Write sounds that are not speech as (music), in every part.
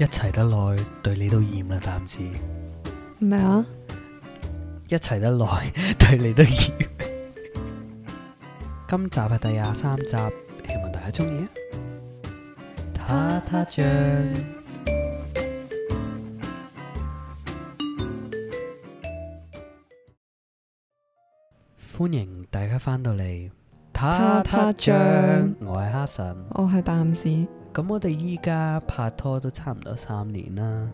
一齊得耐，對你都厭啦，擔子。咩啊？一齊得耐，對你都厭。今集係第廿三集，希望大家鍾意啊！他他將，歡迎大家翻到嚟。他他將，我係哈神，我係擔子。咁我哋依家拍拖都差唔多三年啦，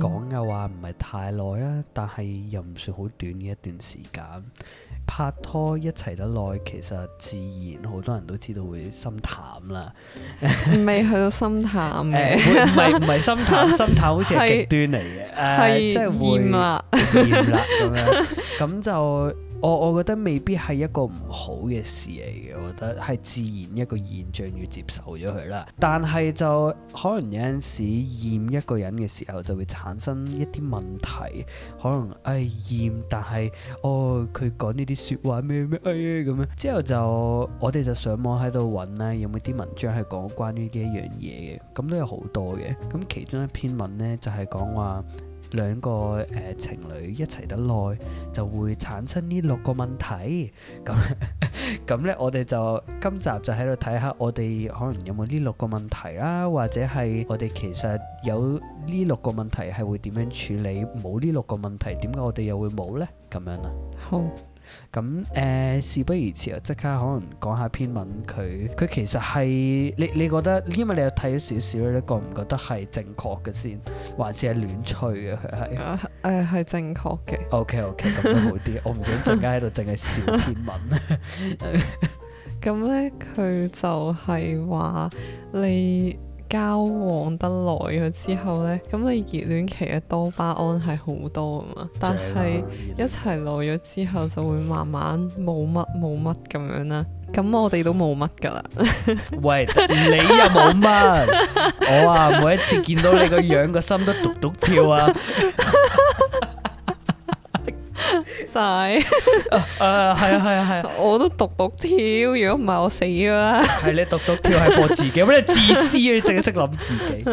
講嘅話唔係太耐啦，但係又唔算好短嘅一段時間。拍拖一齊得耐，其實自然好多人都知道會心淡啦。嗯、 (laughs) 未去到心淡，唔係唔係心淡，心 (laughs) 淡好似係極端嚟嘅，呃、即係厭啦，厭啦咁樣，咁就。我、oh, 我覺得未必係一個唔好嘅事嚟嘅，我覺得係自然一個現象，要接受咗佢啦。但係就可能有陣時厭一個人嘅時候就會產生一啲問題，可能唉厭、哎，但係哦佢講呢啲説話咩咩哎咁、哎、樣。之後就我哋就上網喺度揾咧，有冇啲文章係講關於呢一樣嘢嘅？咁都有好多嘅。咁其中一篇文呢，就係講話。兩個誒、呃、情侶一齊得耐，就會產生呢六個問題。咁咁呢，我哋就今集就喺度睇下，我哋可能有冇呢六個問題啦、啊，或者係我哋其實有呢六個問題係會點樣處理？冇呢六個問題，點解我哋又會冇呢？咁樣啊？好。咁誒、呃、事不宜遲啊！即刻可能講下篇文佢，佢其實係你你覺得，因為你有睇咗少少，你覺唔覺得係正確嘅先，還是係亂吹嘅佢係？誒係、呃呃、正確嘅。OK OK，咁都好啲， (laughs) 我唔想陣間喺度淨係笑篇文咧。咁咧， (laughs) (laughs) 佢就係話你。交往得耐咗之後呢，咁你熱戀期嘅多巴胺係好多啊嘛，但係是 (music) 一齊耐咗之後就會慢慢冇乜冇乜咁樣啦。咁我哋都冇乜噶啦。 (laughs) 喂，你又冇乜？我啊，每一次見到你個樣，個心都獨獨跳啊！ (laughs) 大，誒係啊係啊係啊！我都獨獨跳，如果唔係我死啦！係你獨獨跳係幫自己，咁你自私啊！你淨係識諗自己。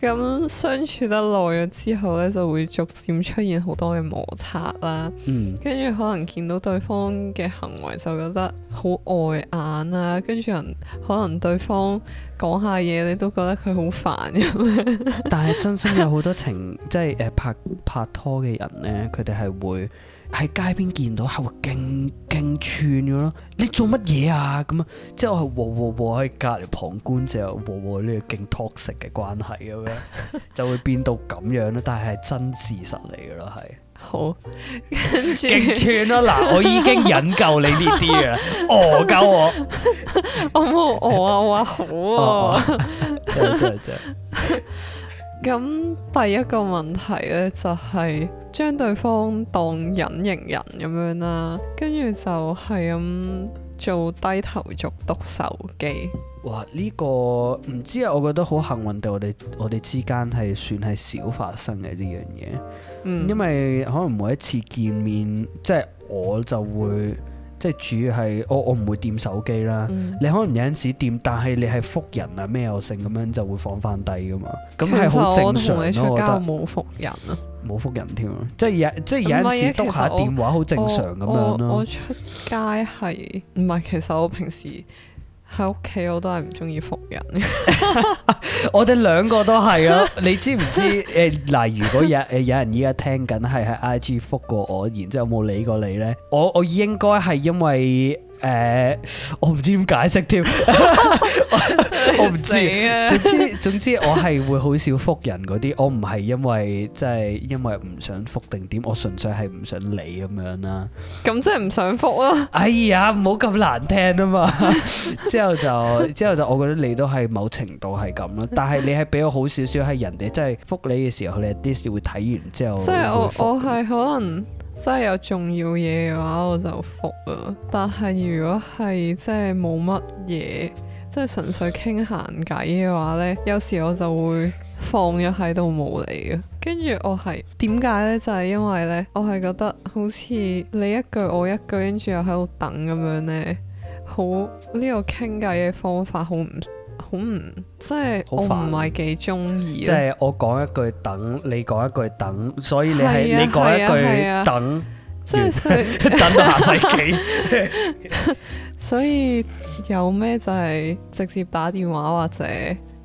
咁相處得耐咗之後咧，就會逐漸出現好多嘅摩擦啦。嗯，跟住可能見到對方嘅行為，就覺得好礙眼啊。跟住可能對方，講下嘢，你都覺得佢好煩咁樣， (laughs) 但係真心有好多情，即係誒拍拍拖嘅人咧，佢哋係會喺街邊見到係會勁勁串噶咯，你做乜嘢啊咁樣？即係我係嘩嘩嘩喺隔籬旁觀就嘩嘩呢個勁 toxic 嘅關係咁樣，就會變到咁樣咧。但係係真事實嚟噶咯，係。好，跟住啦，嗱、啊， (laughs) 我已經引夠你呢啲啊，惡夠、 (laughs) 哦、我，我好、 (laughs) 哦，我話好啊，真真真。咁第一個問題呢，就係、是、將對方當隱形人咁樣啦，跟住就係咁做低頭族，篤手機。哇，呢、這個唔知啊，我覺得好幸運，對我哋我哋之間係算係少發生嘅呢樣嘢。因為可能每一次見面，即係我就會即係主要係、哦、我我唔會掂手機啦。嗯、你可能有陣時掂，但係你係覆人啊咩又剩咁樣就會放翻低噶嘛。咁係好正常咯。我覺得冇覆人啊，冇覆人添咯。即係即係有陣時篤下電話好正常咁、啊、樣咯。我出街係唔係？其實我平時。喺屋企我都係唔中意覆人，我哋兩個都係啊。你知唔知？誒，嗱，如果有誒有人依家聽緊係喺 IG 覆過我，然之後冇理過你咧？我我應該係因為。誒、呃，我唔知點解釋添， (laughs) 我唔知了總。總之總之，我係會好少覆人嗰啲，我唔係因為即係、就是、因為唔想覆定點，我純粹係唔想理咁樣啦。咁即係唔想覆啊！哎呀，唔好咁難聽啊嘛 (laughs) 之。之後就之後就，我覺得你都係某程度係咁啦。但係你係比我好少少，喺人哋真係覆你嘅時候，你啲事會睇完之後。即係我我係可能。真係有重要嘢嘅話，我就服啊！但係如果係真係冇乜嘢，即係純粹傾閒偈嘅話呢，有時我就會放咗喺度冇理啊。跟住我係點解呢？就係因為呢，我係覺得好似你一句我一句，跟住又喺度等咁樣呢，好呢個傾偈嘅方法好唔？嗯，即係我唔係幾中意。即係我講一句等，你講一句等，所以你係、啊、你講一句等，啊啊、等即係 (laughs) 等到下世紀。 (laughs) (laughs) 所以有咩就係直接打電話或者？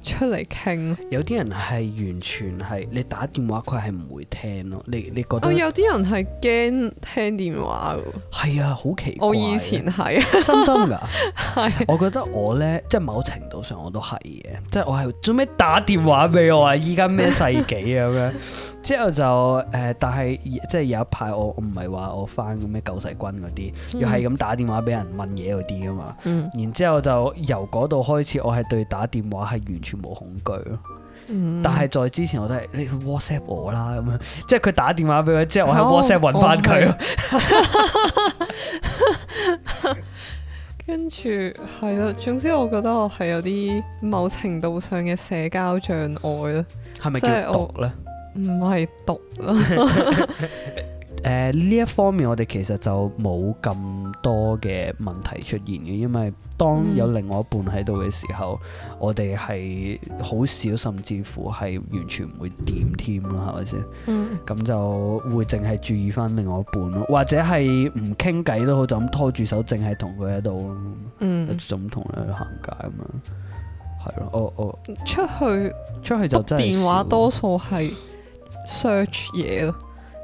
出嚟傾，有啲人係完全係你打電話佢係唔會聽咯，你你覺得？有啲人係驚聽電話㗎。係啊，好奇怪。我以前係 (laughs) 真心㗎，係 (laughs) 是我覺得我咧，即係某程度上我都係嘅，即係我係做咩打電話俾我啊？依家咩世紀咁、啊、樣？ (laughs) 之後就誒、呃，但係即係有一排我唔係話我返咁咩救世軍嗰啲，要係咁打電話俾人問嘢嗰啲啊嘛。嗯、然之後就由嗰度開始，我係對打電話係完全，冇恐懼咯，嗯、但係在之前我都係你 WhatsApp 我啦，咁樣，即係佢打電話俾我之後我、哦，我喺 WhatsApp 搵翻佢。 (laughs) (laughs) (laughs) 跟住係啦。總之我覺得我係有啲某程度上嘅社交障礙啦，係咪叫毒咧？唔係毒。誒、呢、呃、一方面我哋其實就冇咁多嘅問題出現嘅，因為當有另外一半喺度嘅時候，嗯、我哋係好少，甚至乎係完全唔會點添咯，係咪先？嗯，咁就會淨係注意翻另外一半咯，或者係唔傾偈都好，就咁拖住手，淨係同佢喺度咯，嗯，就咁同佢去行街咁樣，係咯，我、哦、我、哦、出去出去就真係電話多數係 search 嘢咯。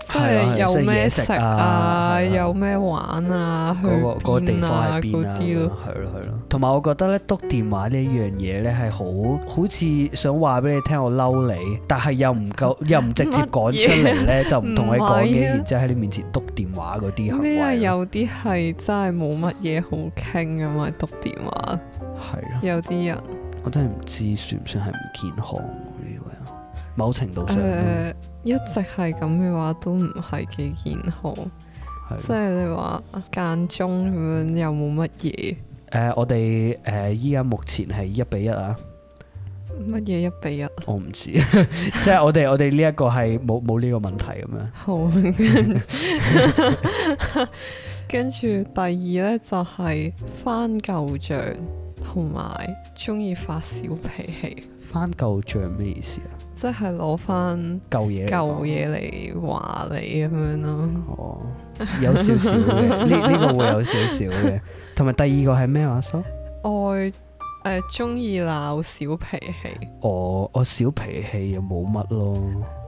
即係有嘢食啊，有咩玩啊，嗰個地方喺邊啊？係咯係咯。同埋我覺得咧，督電話呢樣嘢咧，係好好似想話俾你聽我嬲你，但係又唔夠，又唔直接講出嚟咧，就唔同你講嘅，然之後喺你面前督電話嗰啲行為。咩啊？有啲係真係冇乜嘢好傾啊嘛，督電話。係咯了。有啲人，我真係唔知算唔算係唔健康。某程度上，誒、呃嗯、一直係咁嘅話，都唔係幾健康。即係你話間中咁樣有有，有冇乜嘢？誒，我哋誒依家目前係一比一啊。乜嘢一比一？ (laughs) 我唔知，即係我哋我哋呢一個係冇冇呢個問題咁樣。好，跟住，第二咧就係、是、翻舊帳，同埋中意發小脾氣。翻舊帳咩意思啊？即係攞翻舊嘢舊嘢嚟話你咁樣咯、啊，哦，有少少嘅呢呢個會有少少嘅，同埋第二個係咩話術？我呃，中意鬧小脾氣。哦，我小脾氣又冇乜咯。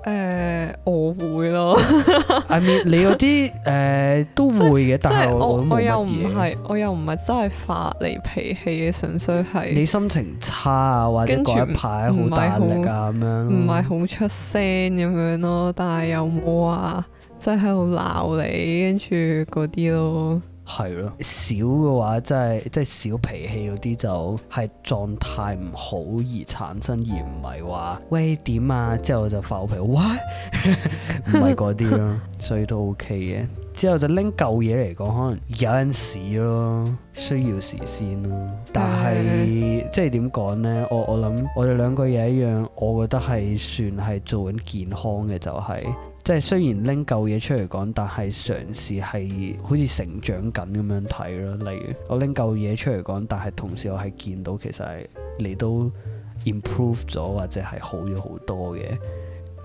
誒、呃、我會咯 (laughs) I mean, 你嗰啲誒都會嘅， (laughs) 但係我我，我又唔係 (laughs) 我又唔係真係發你脾氣嘅，純粹係你心情差啊，或者一排好大壓咁、啊、樣，唔係好出聲咁樣咯，嗯、但係又冇啊，即係喺度鬧你跟住嗰啲咯。係咯，小嘅話即係即係小脾氣嗰啲就係狀態唔好而產生，而唔係話喂點啊之後就發我脾氣，唔係嗰啲咯，所以都 OK 嘅。之後就拎舊嘢嚟講，可能有陣時咯，需要時先咯。但係即係點講呢？我我諗我哋兩個嘢一樣，我覺得係算係做緊健康嘅就係、是。即係雖然拎舊嘢出嚟講，但係嘗試係好似成長緊咁樣睇咯。例如我拎舊嘢出嚟講，但係同時我係見到其實你都 improve 咗，或者係好咗好多嘅。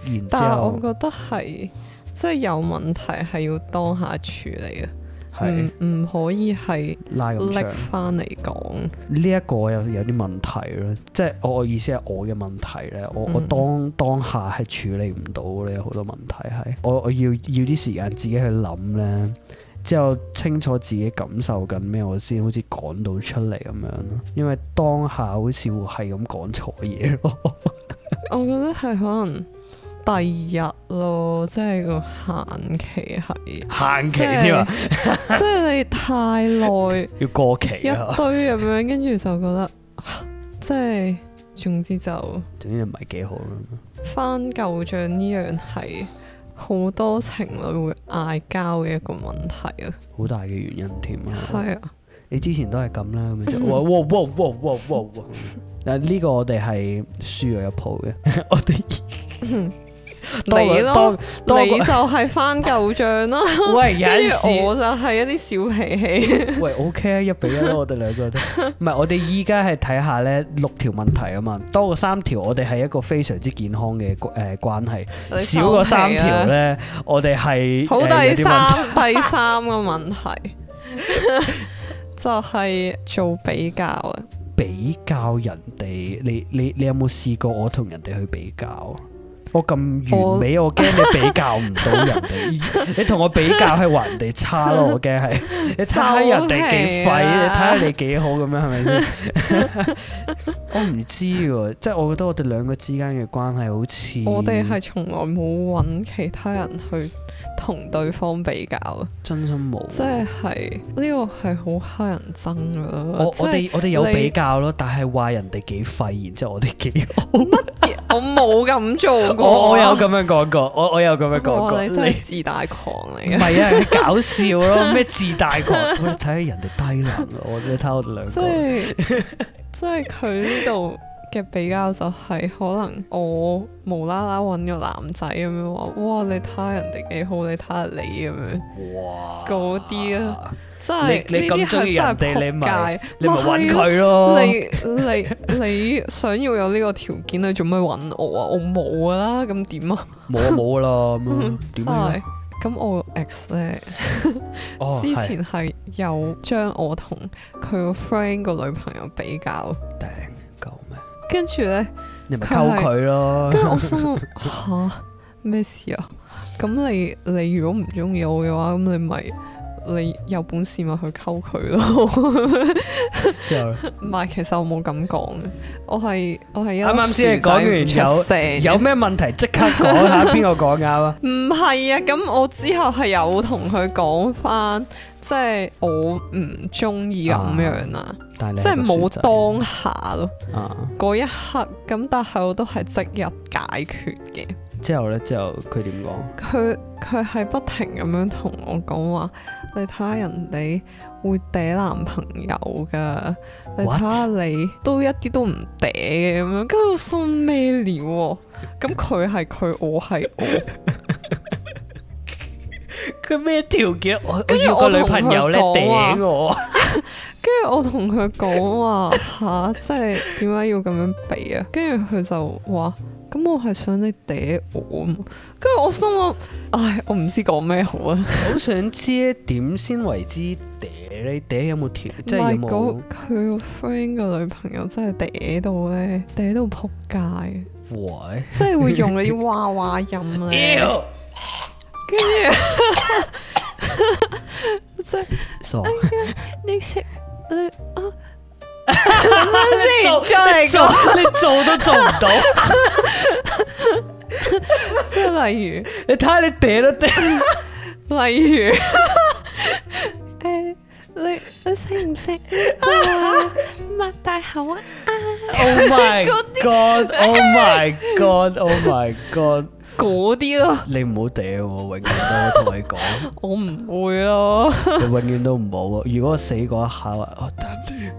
然之後，但係我覺得係即係有問題係要當下處理嘅。係唔是、嗯、可以係拉咁長翻嚟講？呢一個又有啲問題咯，即係我我意思係我嘅問題咧，我我當當下係處理唔到咧，有好多問題係我我要要啲時間自己去諗咧，之後清楚自己感受緊咩，我先好似講到出嚟咁樣咯，因為當下好似會係咁講錯嘢咯。 (laughs) 我覺得係可能。第二日咯，即係個限期係限期添啊！即係你太耐要過期一堆咁樣，跟住就覺得即係，總之就總之就唔係幾好咯。翻舊賬呢樣係好多情侶會嗌交嘅一個問題啊！好大嘅原因添啊！係啊！你之前都係咁啦，咁就哇哇哇哇哇哇！但呢個我哋係輸咗一鋪嘅，我哋。你咯，過你就係翻舊賬啦。喂，有時我就係一啲小脾氣。喂，O K 啊，okay, 一比一咯， (laughs) 我哋兩個都。唔係，我哋依家係睇下咧六條問題啊嘛，多過三條，我哋係一個非常之健康嘅誒關係。啊、少過三條咧，我哋係好第三、哎、第三個問題， (laughs) (laughs) 就係做比較啊。比較人哋，你你你，你，你有冇試過我同人哋去比較？我咁完美，我驚你比較唔到人哋。 (laughs) 你同我比較係話人哋差咯，我驚係。你睇下人哋幾廢，你睇下 (laughs) 你幾好咁樣，係咪先？ (laughs) 我唔知喎，即係我覺得我哋兩個之間嘅關係好似我哋係從來冇搵其他人去。同對方比較，真心冇、啊，即係呢、這個係好乞人憎噶我是我哋我哋有比較咯，你 但係話人哋幾廢，然之後我哋幾好我、啊我，我冇咁做過。我我有咁樣講過，我我有咁樣講過。你真係自大狂嚟嘅，唔 (laughs) 係啊，你搞笑咯、啊，咩自大狂， (laughs) 我睇下人哋低能， (laughs) 看看我哋睇我哋兩個，即係即係佢呢度。嘅比較就係可能我無啦啦揾個男仔咁樣話，哇你睇下人哋幾好，你睇下你咁樣，哇嗰啲啊，真係你咁中意人哋你咪你揾佢咯。你是是你你，你，你，你，你想要有呢個條件，你做咩揾我啊？我冇噶啦，咁點啊？冇 (laughs) 啊，冇噶啦，咁點啊？咁、 (laughs) 嗯、我 ex 哦， (laughs) 之前係有將我同佢個 friend 個女朋友比較跟住咧，呢你咪溝佢咯。跟住我心諗吓咩事啊？咁你你如果唔中意我嘅話，咁你咪你有本事咪去溝佢咯。 (laughs) 之後唔係，其實我冇咁講嘅，我係我係啱啱先你講完有咩問題即刻講下邊個講啱啊？唔係啊，咁我之後係有同佢講翻。即係我唔中意咁樣啦，啊、但即係冇當下咯，嗰、啊、一刻咁，但係我都係即日解決嘅。之後呢，之後佢點講？佢佢係不停咁樣同我講話，你睇下人哋會嗲男朋友噶，What? 你睇下你都一啲都唔嗲嘅咁樣，跟住我心咩了、啊？咁佢係佢，我係我。 (laughs) 咩條件？我跟住個女朋友咧嗲我，叮我， (laughs) 我跟住我同佢講話吓、啊，即係點解要咁樣比啊？跟住佢就話咁我係想你嗲我、啊，跟住我心諗，唉、哎，我唔知講咩好啊！好 (laughs) 想知點先為之嗲你嗲有冇條？即係佢個 friend 個女朋友真係嗲到咧，嗲到仆街，喂？即係會用嗰啲娃娃音咧。欸呃跟住，唔使。你識？你啊？你做你做，你做都做唔到。即 (laughs) 例 (laughs) 如，你睇下你嗲都嗲。例 (laughs) 如，誒、哎，你你識唔識擘大口啊？Oh my God! Oh my God! Oh my God! 嗰啲咯，你唔好嗲我，永遠都同你講， (laughs) 我唔會、啊、你永遠都唔好。啊。如果我死嗰一下，我等陣，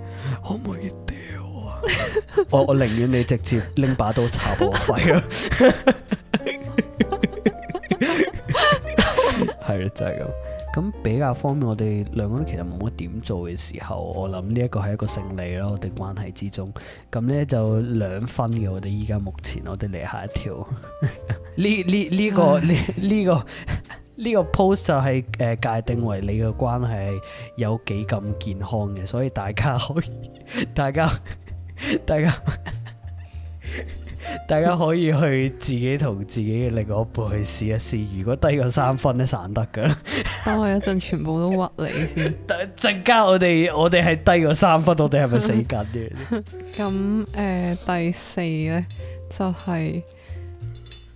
可唔可以嗲啊？ (laughs) 我我寧願你直接拎把刀插我肺啊！係真㗎。就係噉。咁比較方便，我哋兩個其實冇乜點做嘅時候，我諗呢一個係一個勝利咯。我哋關係之中，咁呢就兩分嘅。我哋依家目前，我哋嚟下一條，呢呢呢個呢呢、這個呢個 pose 就係、是、誒、呃、界定為你嘅關係有幾咁健康嘅，所以大家可以大家大家。大家大家 (laughs) (laughs) 大家可以去自己同自己嘅另一半去試一試，如果低過三分咧散得噶。等我一陣全部都屈你先。陣間 (laughs) 我哋我哋係低過三分，我哋係咪死緊嘅？咁誒、 (laughs) (laughs) 呃，第四咧就係、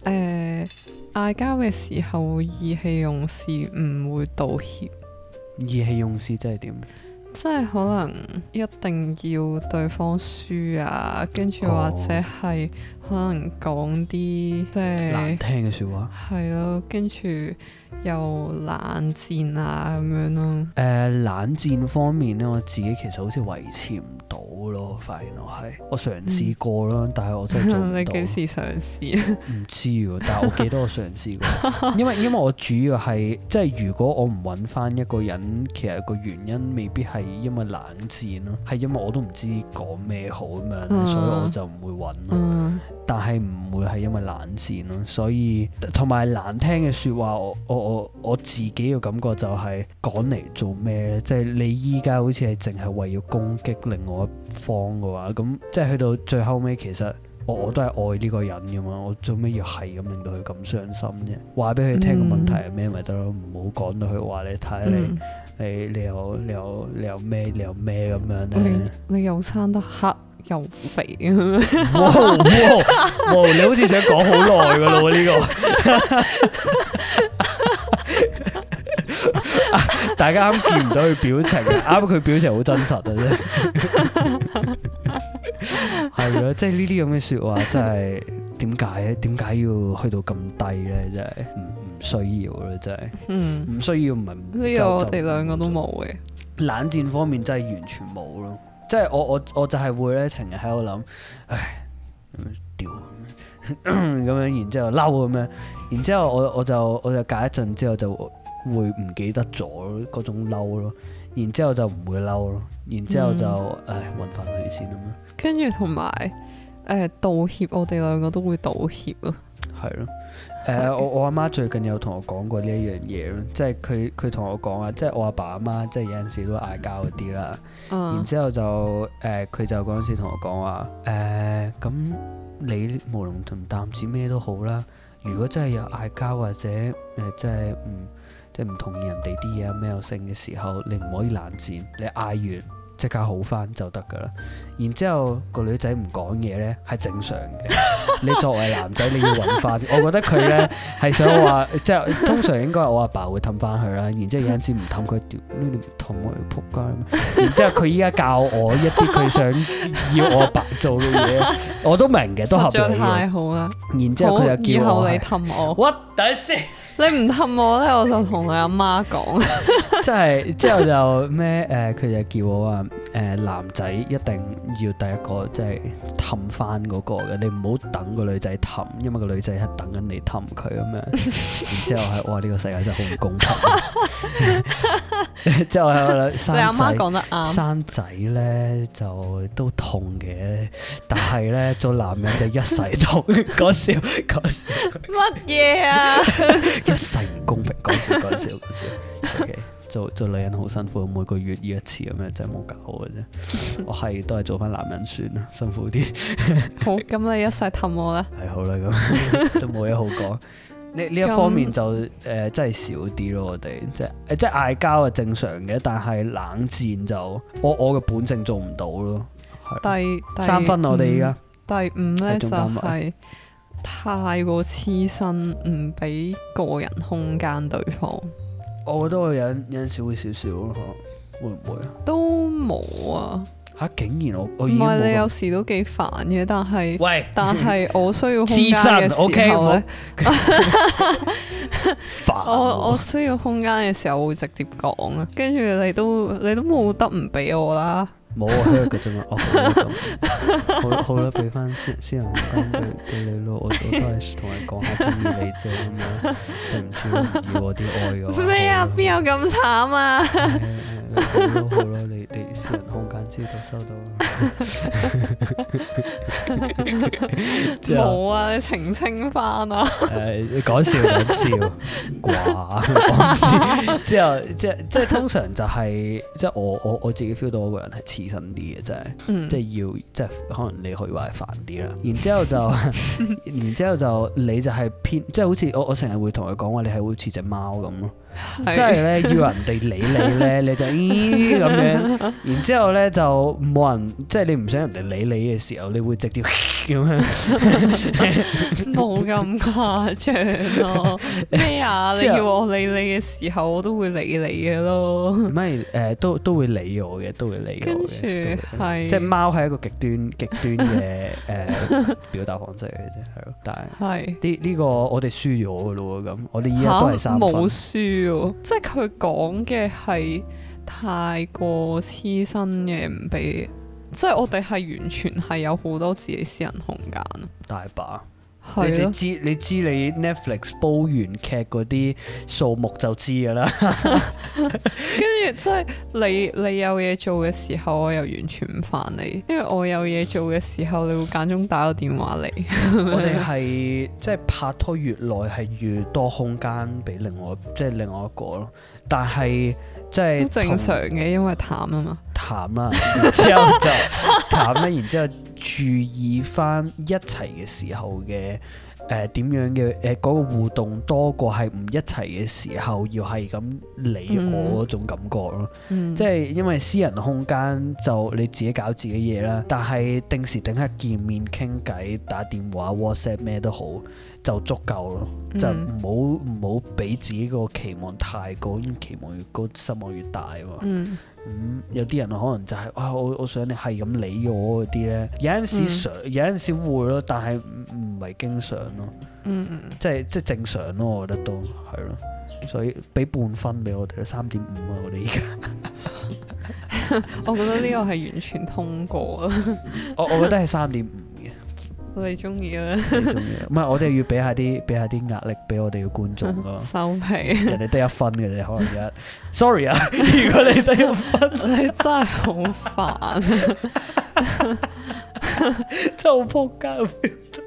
是、誒，嗌交嘅時候意氣用事，唔會道歉。意氣用事即係點？即係可能一定要對方輸啊，跟住或者係可能講啲、哦、即係難聽嘅説話，係咯，跟住。又冷戰啊咁樣咯。誒、呃，冷戰方面咧，我自己其實好似維持唔到咯，發現我係。我嘗試過啦，嗯、但係我真係做唔到。 (laughs) 你幾時嘗試啊？唔知，但係我記得我嘗試過。 (laughs) 因為因為我主要係即係如果我唔搵翻一個人，其實個原因未必係因為冷戰咯，係因為我都唔知講咩好咁樣，所以我就唔會搵咯。嗯。但係唔會係因為冷戰咯，所以同埋難聽嘅說話，我。我我我自己嘅感覺就係趕嚟做咩咧？即係你依家好似係淨係為要攻擊另外一方嘅話，咁即係去到最後尾，其實我，我都係愛呢個人嘅嘛。我做咩要係咁令到佢咁傷心啫？話俾佢聽個問題係咩咪得咯？唔好講到佢話你睇你你你有你有你有咩你有咩咁樣咧？你又生得黑又肥， (laughs) 你好似想講好耐嘅咯呢個。 (laughs) 大家啱見唔到佢表情，啱佢 (laughs) 表情好真實嘅、啊、啫。係咯，即係呢啲咁嘅説話，真係點解咧？點解要去到咁低咧？真係唔唔需要咯，真係。唔需要唔係唔需要，我哋就兩個都冇嘅。冷戰方面真係完全冇咯。即、就、係、是、我我我就係會咧，成日喺度諗，唉，屌、嗯！咁樣， (coughs) 然之後嬲咁樣，然之後我就我就我就隔一陣之後就。會唔記得咗嗰種嬲咯，然之後就唔會嬲咯，然之後就誒揾翻佢先啦。跟住同埋誒道歉，我哋兩個都會道歉咯。係咯，誒、呃的呃、我我阿媽最近有同我講過呢一樣嘢咯，即係佢佢同我講啊，即係我阿爸阿媽即係有陣時都嗌交嗰啲啦。然之後就誒佢、呃、就嗰陣時同我講話誒，咁、呃、你無論同淡子咩都好啦，如果真係有嗌交或者誒，即係唔。即係唔同意人哋啲嘢，有咩性嘅時候，你唔可以冷戰，你嗌完即刻好翻就得噶啦。然之後個女仔唔講嘢咧係正常嘅。你作為男仔你要揾翻。我覺得佢咧係想話，即係通常應該我阿爸會氹翻佢啦。然之後有陣時唔氹佢，你唔氹我，你仆街。然之後佢依家教我一啲佢想要我阿爸做嘅嘢，我都明嘅，都合理太好啦。然之後佢就叫你氹我。what？等先，你唔氹我咧是 they，我就同佢阿媽講。即係之後就咩？誒、呃，佢就叫我話誒、呃，男仔一定。要第一個即係氹翻嗰個嘅，你唔好等個女仔氹，因為個女仔係等緊你氹佢咁樣。 (laughs) 然之後係哇，呢個世界真係好唔公平。 (laughs) (laughs) 之後係生仔，你媽媽生仔咧就都痛嘅，但係咧做男人就一世痛。講， (laughs) 笑，講笑，乜嘢啊？ (laughs) 一世唔公平，講笑，講笑，講笑。Okay. 做做女人好辛苦，每個月要一次咁樣，真係冇搞嘅啫。 (laughs) 我係都係做翻男人算啦，辛苦啲、 (laughs) (laughs) 哎。好，咁 (laughs) 你一世氹我啦。係，好啦，咁都冇嘢好講。呢呢一方面就誒那、呃、真係少啲咯。我哋即係即係嗌交係正常嘅，但係冷戰就我我嘅本性做唔到咯。第，第三分我哋而家第五咧就係太過黐身，唔俾個人空間對方。我覺得我點點會會有有陣時會少少咯，可能會唔會啊？都冇啊！嚇，竟然我我唔係，你有時都幾煩嘅，但係喂但係我需要空間嘅時候 okay, 煩我我需要空間嘅時候會直接講啊，跟住你都你都冇得唔俾我啦。冇啊，hug 哦，好好啦，俾翻私私人空間對你咯，我我都係同你講下中意你啫，咁樣對唔住要我啲愛我。咩啊？邊有咁慘啊？嗯、好咯，你你私人空間知道收到。冇 (laughs) 後啊，你澄清翻啊！誒、呃，講笑講笑，唔過講笑。之後，即係，即係，通常就係、是，即我我我自己 feel 到我個人係。慎啲嘅真係，嗯、即係要，即係可能你可以話係煩啲啦。然之後就， (laughs) 然之後就，你就係偏，即係好似我我成日會同佢講話，你係好似隻貓咁咯。即係咧要人哋理你咧，你就咦咁樣，然之後咧就冇人，即係你唔想人哋理你嘅時候，你會直接咁樣，冇咁誇張咯。咩啊？你要我理你嘅時候，我都會理你嘅咯。唔係誒，都都會理我嘅，都會理我嘅。跟住係，即係貓係一個極端極端嘅誒表達方式嚟嘅啫，係咯。但係係呢呢個我哋輸咗噶咯，咁，我哋依家都係三分。冇輸。即係佢講嘅係太過黐身嘅，唔俾，即係我哋係完全係有好多自己私人空間。大把。你知你知你 Netflix 煲完劇嗰啲數目就知噶啦 (laughs) ，跟住即係你你有嘢做嘅時候，我又完全唔煩你，因為我有嘢做嘅時候，你會間中打個電話嚟。 (laughs) 我哋係即係拍拖越耐係越多空間俾另外即係、就是、另外一個咯，但係即係好正常嘅，因為淡啊嘛。淡啦， (laughs) 然之後就淡啦，然之後注意翻一齊嘅時候嘅，誒點樣嘅，誒嗰個互動多過係唔一齊嘅時候要係咁理我嗰、嗯、種感覺咯。嗯、即係因為私人空間就你自己搞自己嘢啦，但係定時定刻見面傾偈、打電話、WhatsApp 咩都好。就足夠咯，嗯、就唔好唔好俾自己個期望太高，因為期望越高失望越大嘛，咁、嗯嗯、有啲人可能就係、是、啊，我我想你係咁理我嗰啲咧，有陣時想，嗯、有陣時會咯，但係唔唔係經常咯、嗯，即係即係正常咯，我覺得都係咯。所以俾半分俾我哋啦，三點五啊，我哋而家，我覺得呢個係完全通過啊。我我覺得係三點五。你 (laughs) 我哋中意啦，唔係我哋要俾下啲俾下啲壓力俾我哋嘅觀眾咯。收皮起， (laughs) 人哋得一分嘅啫，人哋可能一。Sorry 啊，如果你得一分， (laughs) (laughs) 你真係好煩、啊， (laughs) (laughs) (laughs) 真係好撲街 feel 到。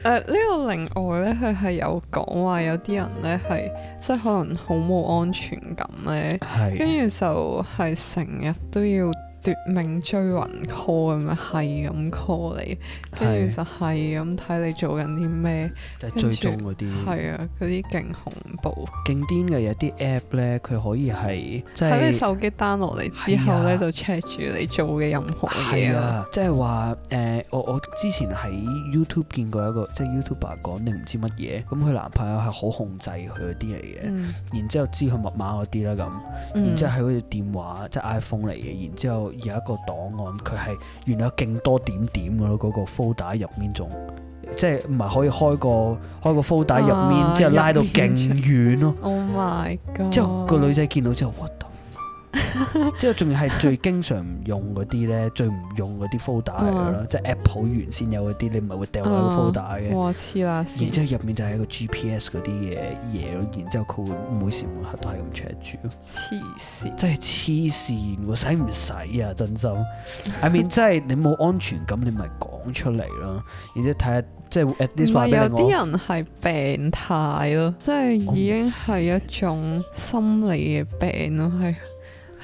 誒呢、uh, 個另外咧，佢係有講話有啲人咧係即係可能好冇安全感咧，跟住 (laughs) 就係成日都要。奪命追魂 call 咁樣係咁 call 你，跟住就係咁睇你做緊啲咩，即係追蹤嗰啲，係啊嗰啲勁恐怖。勁癲嘅有啲 app 咧，佢可以係喺、即係、你手機 download 嚟之後咧、啊啊，就 check 住你做嘅任何嘢。係啊，即係話誒，我我之前喺 YouTube 見過一個，即、就、係、係、YouTuber 講定唔知乜嘢，咁佢男朋友係好控制佢啲嚟嘅，然之後知佢密碼嗰啲啦咁，然之後係佢嘅電話即係 iPhone 嚟嘅，然之後。有一個檔案，佢係原來勁多點點嘅咯，嗰、個 folder 入面仲即係唔係可以開個開個 folder 入面、oh my god，之後拉到勁遠咯，之後個女仔見到之後，核突。即係仲要係最經常用嗰啲咧， (laughs) 最唔用嗰啲 folder 嚟咯，啊、即係 Apple 原先有嗰啲，你咪會掉喺個 folder 嘅。我黐啦！然之後入面就係一個 GPS 嗰啲嘅嘢咯，然之後佢會每時每刻都係咁 check 住。黐線！真係黐線，我使唔使啊？真心。 (laughs) I mean，即係你冇安全感，你咪講出嚟咯。而且睇下，即係 advertise 俾我。有啲人係病態咯，即係已經係一種心理嘅病咯，係。 (laughs) (laughs)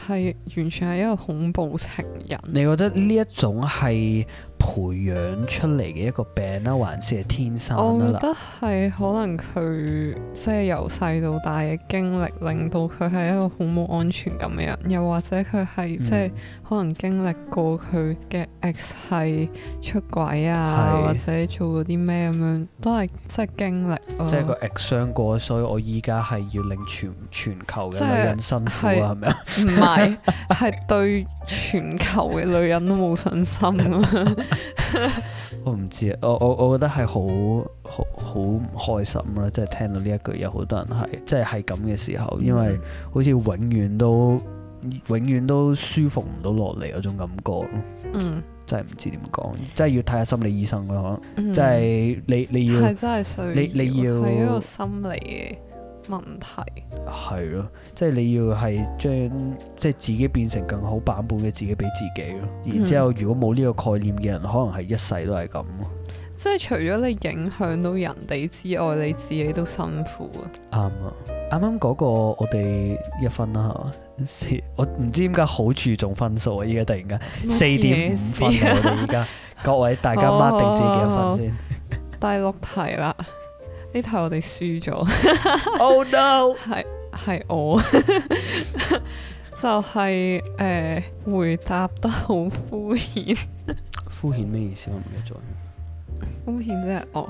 係完全係一個恐怖情人。你覺得呢一種係培養出嚟嘅一個病啦、啊，還是係天生、啊？我覺得係可能佢即係由細到大嘅經歷，令到佢係一個好冇安全感嘅人，又或者佢係即係。嗯可能經歷過佢嘅 x 係出軌啊，是或者做過啲咩咁樣，都係即係經歷咯。即係個 x 傷過，所以我依家係要令全全球嘅女人辛苦啊，係咪啊？唔係，係 (laughs) 對全球嘅女人都冇信心咯。 (laughs) (laughs) 我唔知啊，我我我覺得係好好好唔開心咯，即係聽到呢一句有好多人係，即係係咁嘅時候，因為好似永遠都。永遠都舒服唔到落嚟嗰種感覺咯，嗯，真係唔知點講，真係要睇下心理醫生咯，嗬、嗯，真係你你要係真係需要，係一個心理嘅問題，係咯，即係你要係將即係自己變成更好版本嘅自己俾自己咯，然之後如果冇呢個概念嘅人，可能係一世都係咁咯，嗯、即係除咗你影響到人哋之外，你自己都辛苦啊，啱啊。啱啱嗰個我哋一分啦吓，我唔知點解好注重分數啊！依家突然間四點五分我哋而家各位大家 mark 定自己幾多分先，哦。第六題啦，呢 (laughs) 題我哋輸咗。 (laughs) oh no！係係我， (laughs) 就係、是、誒、呃、回答得好敷衍。敷衍咩意思？我唔記得咗。敷衍即係哦。Oh.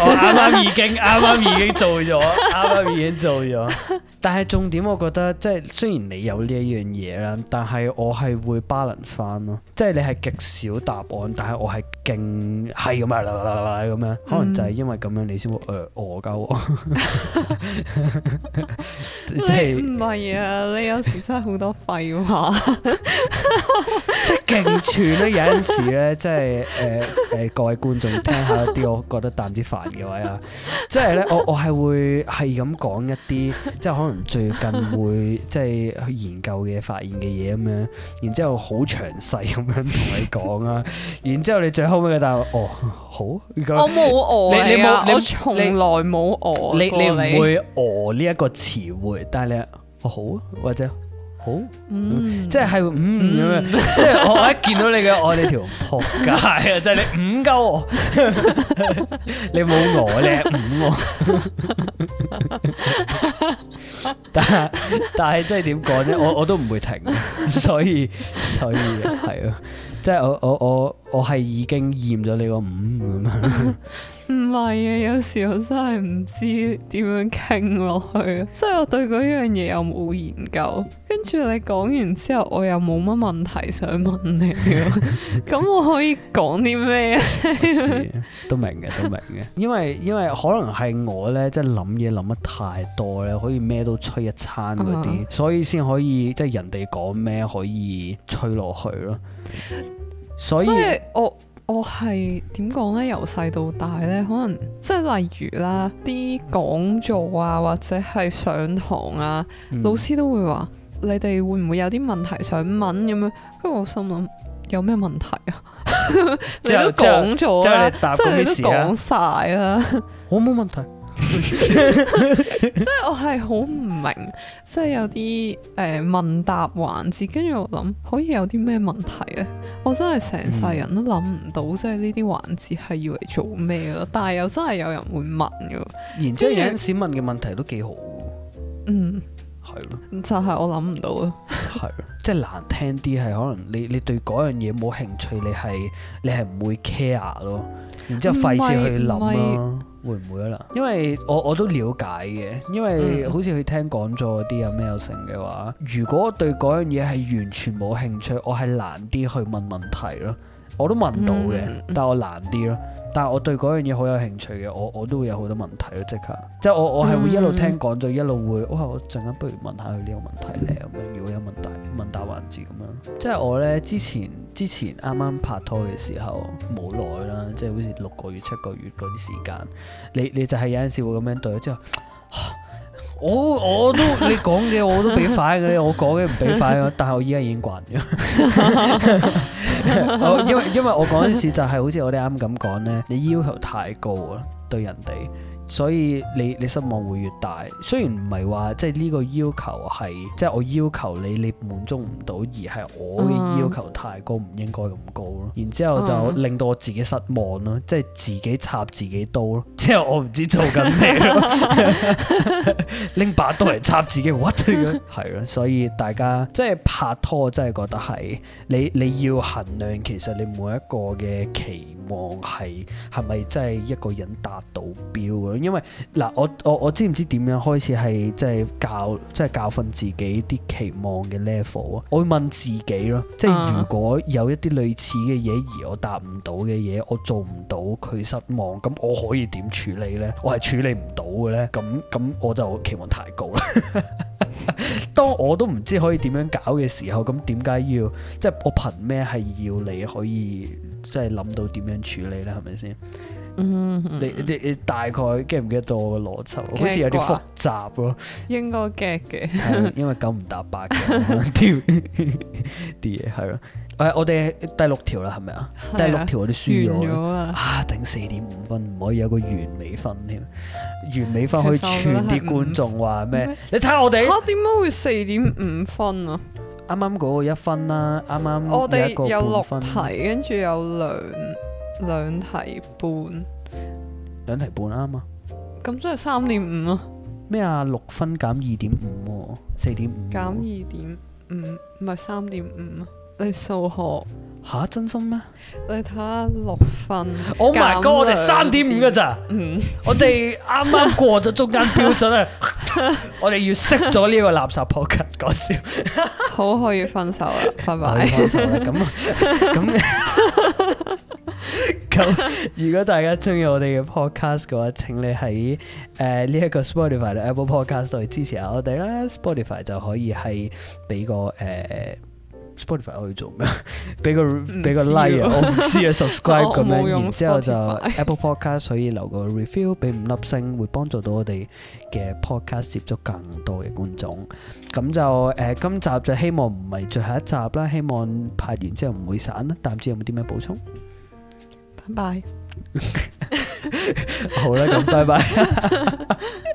我啱啱已經啱啱已經做咗，啱啱已經做咗。choices 但係重點，我覺得即係、就是、雖然你有呢一樣嘢啦，但係我係會 balance 翻咯。即、就、係、是、你係極少答案，但係我係勁係咁樣啦啦啦咁樣。可能就係因為咁樣你呃呃呃，你先會呃戇鳩。即係唔係啊？你有時真係好多廢話 (laughs) (laughs) ，即係勁串咧。有陣時咧，即係誒誒各位觀眾聽，聽一下一啲，我覺得淡啲。煩嘅位啊，即係咧，我我係會係咁講一啲，即係可能最近會即係去研究嘅發現嘅嘢咁樣，然之後好詳細咁樣同你講啊， (laughs) 然之後你最後尾嘅答案，哦好， (laughs) 果我冇餓你你冇你從來冇餓，你、啊、你唔你會餓呢一個詞彙，但係你哦好或者。好，哦嗯、即係係五咁樣，嗯、即係我一見到你嘅我你條扑街啊，即係 (laughs) 你五勾我， (laughs) (laughs) 我，你冇我你五我， (laughs) (laughs) 但係但係即係點講咧，我我都唔會停，所以所以係、就、啊、是，即係我我我。我我我係已經驗咗你個五咁樣，唔係啊！有時候真係唔知點樣傾落去，即係我對嗰樣嘢又冇研究，跟住你講完之後我又冇乜問題想問你咁 (laughs) (laughs) 我可以講啲咩啊？都明嘅，都明嘅， (laughs) 因為因為可能係我咧，即係諗嘢諗得太多咧，可以咩都吹一餐嗰啲，uh huh. 所以先可以即係人哋講咩可以吹落去咯。所以，所以我我係點講咧？由細到大咧，可能即係例如啦，啲講座啊或者係上堂啊，嗯、老師都會話你哋會唔會有啲問題想問咁樣？跟住我心諗有咩問題啊？ (laughs) 你都講咗，即係你都講晒啦，我冇問題。 (laughs) 即係我係好唔明，即係有啲誒、呃、問答環節，跟住我諗可以有啲咩問題啊？我真係成世人都諗唔到，即係呢啲環節係要嚟做咩咯？但係又真係有人會問嘅，然之後有陣時問嘅問題都幾好，嗯，係咯，就係我諗唔到啊，係，即係難聽啲係可能你你對嗰樣嘢冇興趣，你係你係唔會 care 咯，然之後費事去諗咯。會唔會啊？啦，因為我我都了解嘅，因為好似佢聽講座嗰啲有咩有成嘅話，如果對嗰樣嘢係完全冇興趣，我係難啲去問問題咯。我都問到嘅，嗯、但我難啲咯。但我對嗰樣嘢好有興趣嘅，我我都會有好多問題咯，即刻，即係我我係會一路聽講就一路會，哇！我陣間不如問，問下佢呢個問題咧，咁樣如果有問題問答環節咁樣，即係我咧之前之前啱啱拍拖嘅時候冇耐啦，即係好似六個月七個月嗰啲時間，你你就係有陣時會咁樣對。之後我我都你講嘅我都俾反嘅，我講嘅唔俾反啊，但係我依家已經慣咗。 (laughs) (laughs) 哦、因為因為我嗰陣時就係好似我哋啱咁講咧， (laughs) 你要求太高啦，對人哋。所以你你失望會越大，雖然唔係話即係呢個要求係即係我要求你你滿足唔到，而係我嘅要求太高，唔應該咁高咯。然之後就令到我自己失望咯，即係自己插自己刀咯。即係我唔知做緊咩，拎 (laughs) (laughs) 把刀嚟插自己，what the？係咯，所以大家即係拍拖，真係覺得係你你要衡量，其實你每一個嘅期望係係咪真係一個人達到標嘅？因為嗱，我我我知唔知點樣開始係即係教即係教訓自己啲期望嘅 level 啊？我會問自己咯，即係如果有一啲類似嘅嘢而我答唔到嘅嘢，我做唔到佢失望，咁我可以點處理呢？我係處理唔到嘅呢？咁咁我就期望太高啦。 (laughs) (laughs) 當我都唔知可以點樣搞嘅時候，咁點解要即係我憑咩係要你可以即係諗到點樣處理咧？係咪先？嗯，你你你大概記唔記得到我嘅邏輯？掛好似有啲複雜咯，應該 get 嘅， (laughs) (laughs) 因為九唔搭八嘅啲嘢係咯。 (laughs) (laughs) 誒、啊，我哋第六條啦，係咪啊？第六條我哋輸咗了啊！頂四點五分，唔可以有個完美分添。完美分可以串啲觀眾話咩？麼你睇下我哋嚇點解會四點五分啊？啱啱嗰個一分啦、啊，啱啱、啊、我哋有六分。題，跟住、啊、有兩兩題半，兩題半啱啊！咁即係三點五啊？咩啊？六分減二點五，四點五減二點五，唔係三點五啊？你數學吓、啊，真心咩？你睇下六分。Oh my God！我哋三點五㗎咋？嗯，我哋啱啱過咗中間標準啊！ (laughs) (laughs) 我哋要熄咗呢個垃圾 podcast，講笑。 (laughs) 好可以分手啦，拜拜。咁咁，咁 (laughs) (laughs) (laughs) 如果大家中意我哋嘅 podcast 嘅話，請你喺誒呢一個 Spotify 咧 Apple Podcast 度支持下我哋啦 (laughs) ，Spotify 就可以係俾個誒。呃 Spotify 可以做咩？俾個俾個 like，我唔知啊。Subscribe 咁樣，然之後就 Apple Podcast 可以留個 review，俾五粒星會幫助到我哋嘅 podcast 接觸更多嘅觀眾。咁就誒，今集就希望唔係最後一集啦，希望拍完之後唔會散啦。但唔知有冇啲咩補充？拜拜。好啦，咁拜拜。